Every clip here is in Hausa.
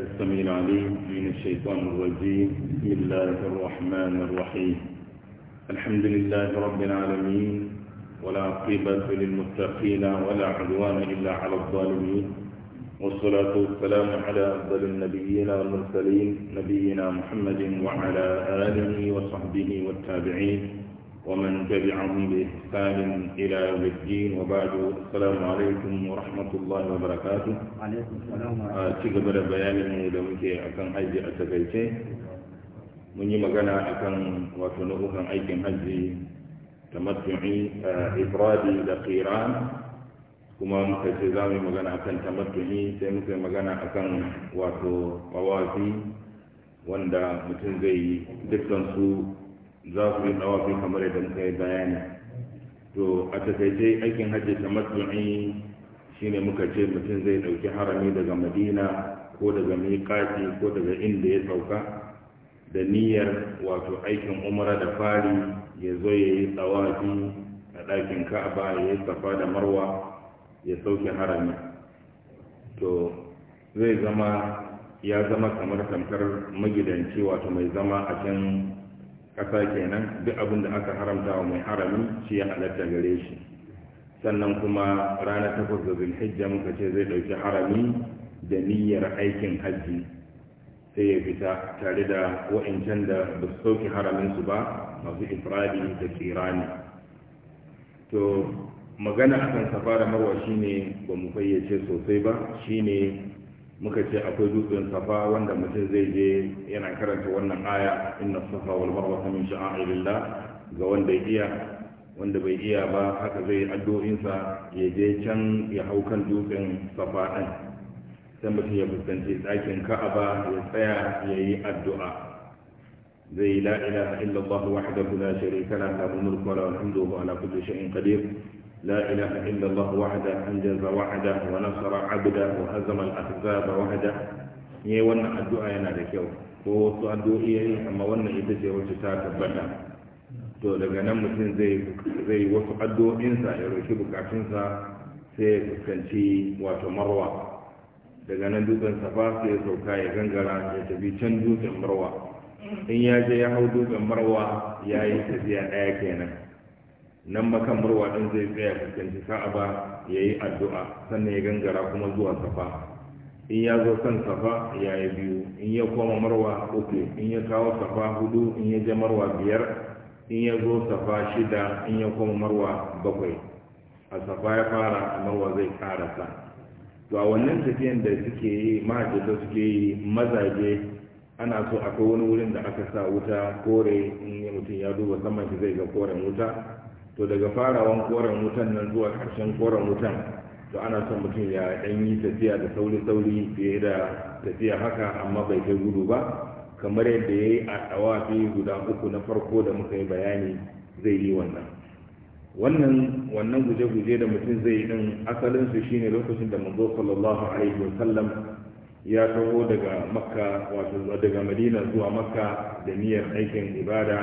السميع العليم من الشيطان الرجيم بسم الله الرحمن الرحيم الحمد لله رب العالمين ولا عقبة للمتقين ولا عدوان إلا على الظالمين والصلاة والسلام على أفضل النبيين والمرسلين نبينا محمد وعلى آله وصحبه والتابعين ومن تبعهم بإحسان إلى يوم الدين وبعد السلام عليكم ورحمة الله وبركاته عليكم السلام عليكم الله بيان من مدمك أكن حج أتكيتي من يمغنى أكن وتنوه عن أيك حج تمتعي إفرادي لقيران كما مكتزامي مغنى أكن تمتعي سيمكن مغنى أكن وتوافي wanda mutum zai yi dukkan su za su yi tsawafi kamar idan muka yi bayani to a takaice aikin hajji ta matsu'i shine muka ce mutum zai ɗauki harami daga madina ko daga miƙaƙi ko daga inda ya sauka da niyyar wato aikin umara da fari ya zo ya yi tsawafi a ɗakin ka'aba ya yi safa da marwa ya sauke harami to zai zama ya zama kamar tamkar magidanci wato mai zama a can ƙasa kenan duk abin da aka haramta wa mai harami shi ya halatta gare shi sannan kuma ranar takwas da zulhijja muka ce zai ɗauki harami da niyyar aikin hajji sai ya fita tare da wa'incan da ba su sauke su ba masu ifradi da kirani to magana akan safara marwa shine ba mu fayyace sosai ba shine muka ce akwai dutsen safa wanda mutum zai je yana karanta wannan aya inna safa wal marwa min sha'airillah ga wanda iya wanda bai iya ba haka zai yi addu'insa ya je can ya hau kan dutsen safa din sai mutum ya fuskanci ɗakin ka'aba ya tsaya ya yi addu'a زي yi إله إلا الله وحده لا شريك له له الملك وله الحمد وهو على كل شيء لا إله إلا الله وحده أنجز وحده ونصر عبده وهزم الأحزاب وحده ne wannan addu'a yana da kyau ko wasu addu'o'i yayi amma wannan ita ce wacce ta tabbata to daga nan mutum zai wasu addu'o'insa ya roki bukatunsa sai ya fuskanci wato marwa daga nan dutsen safa sai ya sauka ya gangara ya tafi can marwa in ya je ya hau dutsen marwa ya yi tafiya ɗaya kenan nan makan murwa ɗin zai tsaya kusanci ka'aba ya yi addu'a sannan ya gangara kuma zuwa safa in ya zo kan safa ya yi biyu in ya koma marwa uku in ya kawo safa hudu in ya je marwa biyar in ya zo safa shida in ya koma marwa bakwai a safa ya fara marwa zai karasa to a wannan tafiyan da suke yi mahajjata suke yi mazaje ana so akwai wani wurin da aka sa wuta kore in mutum ya duba saman shi zai ga koren wuta to daga farawan koren wutan nan zuwa ƙarshen koren wutan to ana son mutum ya ɗan yi tafiya da sauri-sauri fiye da tafiya haka amma bai kai gudu ba kamar yadda ya yi a tsawafi guda uku na farko da muka yi bayani zai yi wannan wannan wannan guje-guje da mutum zai yi ɗin asalinsu shine lokacin da manzo sallallahu alaihi wasallam ya taho daga makka wato daga madina zuwa makka da niyyar aikin ibada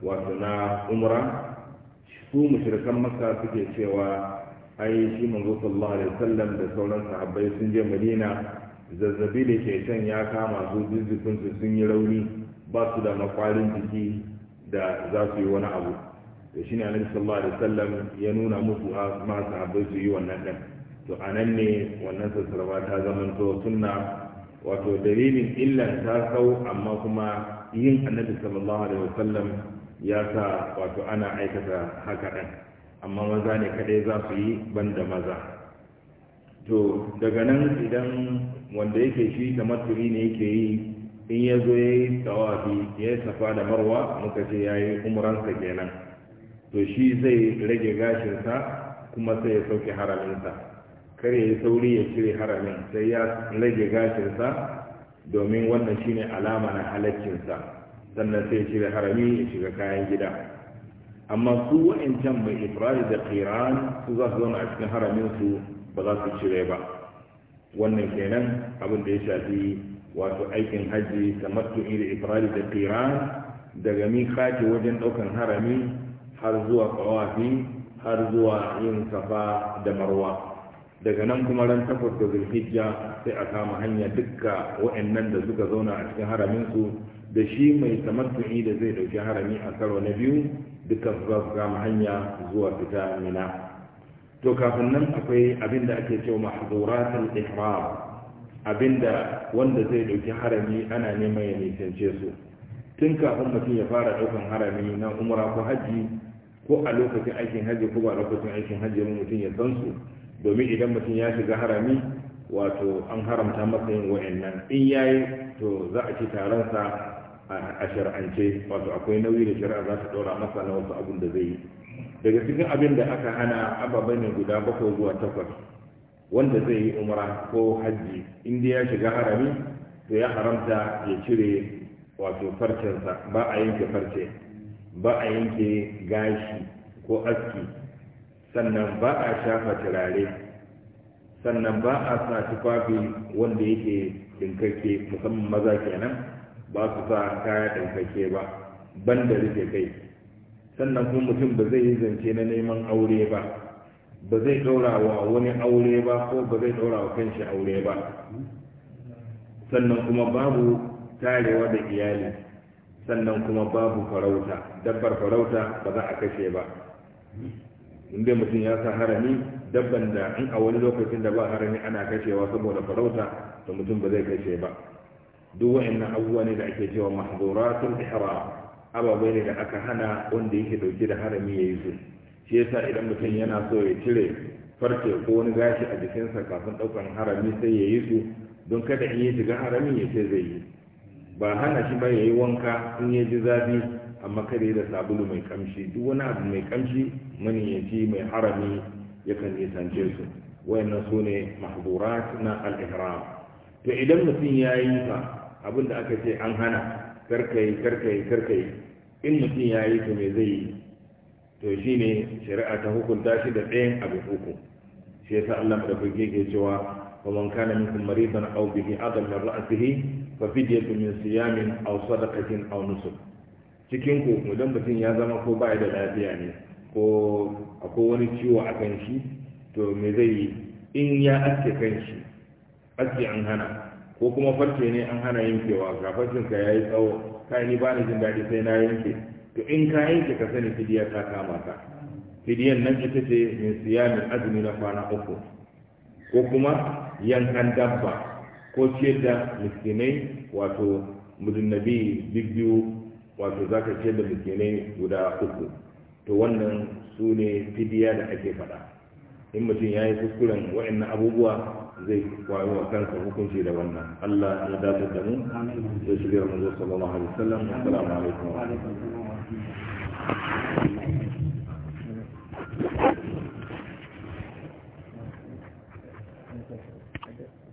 wato na umra su mushrikan maka suke cewa ai shi manzo sallallahu alaihi wasallam da sauran sahabbai sun je madina zazzabi da ke can ya kama su jizzikin su sun yi rauni ba su da makwarin jiki da za su yi wani abu da ne annabi sallallahu alaihi wasallam ya nuna musu a ma sahabbai su yi wannan din to anan ne wannan sassarwa ta to sunna wato dalilin illan ta sau amma kuma yin annabi sallallahu alaihi wasallam ya sa wato ana aikata haka ɗan amma maza ne kaɗai za su yi banda maza to daga nan idan wanda yake shi da maturi ne yake yi in ya zo ya yi tsawafi ya yi safa da marwa muka ce ya yi umuransa kenan to shi zai rage gashinsa kuma sai ya sauke haraminsa kar ya yi sauri ya cire haramin sai ya rage gashinsa domin wannan shine alama na halaccinsa sannan sai shiga harami ya shiga kayan gida amma su wa'ancan mai ifrari da qiran su za su zauna a cikin haramin su ba za su cire ba wannan kenan abin da ya shafi wato aikin hajji tamattu'i da ifrari da qiran daga mikati wajen ɗaukan harami har zuwa tsawafi har zuwa yin safa da marwa daga nan kuma ran takwas da zulhijja sai a kama hanya dukka wa'annan da suka zauna a cikin haramin su da shi mai tamattu'i da zai dauki harami a karo na biyu duka za su kama hanya zuwa fita mina to kafin nan akwai abin da ake cewa mahzuratul ihram abinda wanda zai dauki harami ana neman ya nisance su tun kafin mutum ya fara daukan harami na umra ko haji ko a lokacin aikin haji ko ba lokacin aikin haji mutum ya san su domin idan mutum ya shiga harami wato an haramta masa yin wa'annan in yayi to za a ci taron sa a shar'ance wato akwai nauyi da shari'a za ta ɗora masa na wasu abin da zai yi daga cikin abin da aka hana ababai ne guda bakwai zuwa takwas wanda zai yi umra ko hajji inda ya shiga harami to ya haramta ya cire wato farcensa ba a yanke farce ba a yanke gashi ko aski sannan ba a shafa turare sannan ba a sa tufafi wanda yake dinkarke musamman maza kenan ba su sa kaya ɗaukake ba ban da rike kai sannan kuma mutum ba zai yi zance na neman aure ba ba zai ɗaura wa wani aure ba ko ba zai ɗaura wa kanshi aure ba sannan kuma babu tarewa da iyali sannan kuma babu farauta dabbar farauta ba za a kashe ba inda mutum ya sa harami dabban da in a wani lokacin da ba harami ana kashewa saboda farauta da mutum ba zai kashe ba duk wa'annan abubuwa ne da ake cewa mahzuratul ihram ababai ne da aka hana wanda yake dauke da harami yayi su shi yasa idan mutum yana so ya cire farce ko wani gashi a jikinsa kafin daukan harami sai yayi su don kada in ya shiga harami ya ce zai yi ba hana shi ba yayi wanka in ya ji zafi amma kada ya da sabulu mai kamshi duk wani abu mai kamshi ji mai harami kan nisance su wayannan su ne mahzurat na al-ihram to idan mutum ya yi ta abin da aka ce an hana karkai karkai karkai in mutum ya yi to me zai yi to shi ne shari'a ta hukunta shi da tsayin abu uku shi yasa Allah madaukake ke cewa ومن كان منكم مريضا او به اذى من راسه ففدية من صيام او صدقة او su cikin ku idan mutum ya zama ko ba da lafiya ne ko akwai wani ciwo a kan shi to me zai yi in ya aske kan shi aske an hana ko kuma farce ne an hana yankewa ga farcinka ya yi tsawo ka ni ba ni jin daɗi sai na yanke to in ka yanke ka sani fidiya ta kama ka fidiyan nan ita ce min siyamin azumi na kwana uku ko kuma yankan dabba ko ciyar da miskinai wato mudunnabi biyu wato za ka ciyar da miskinai guda uku to wannan su ne fidiya da ake faɗa in mutum ya yi kuskuren wa'annan abubuwa zai kwayo wa kansa hukunci da wannan Allah ya dace da mu da shirya manzo sallallahu alaihi wasallam assalamu alaikum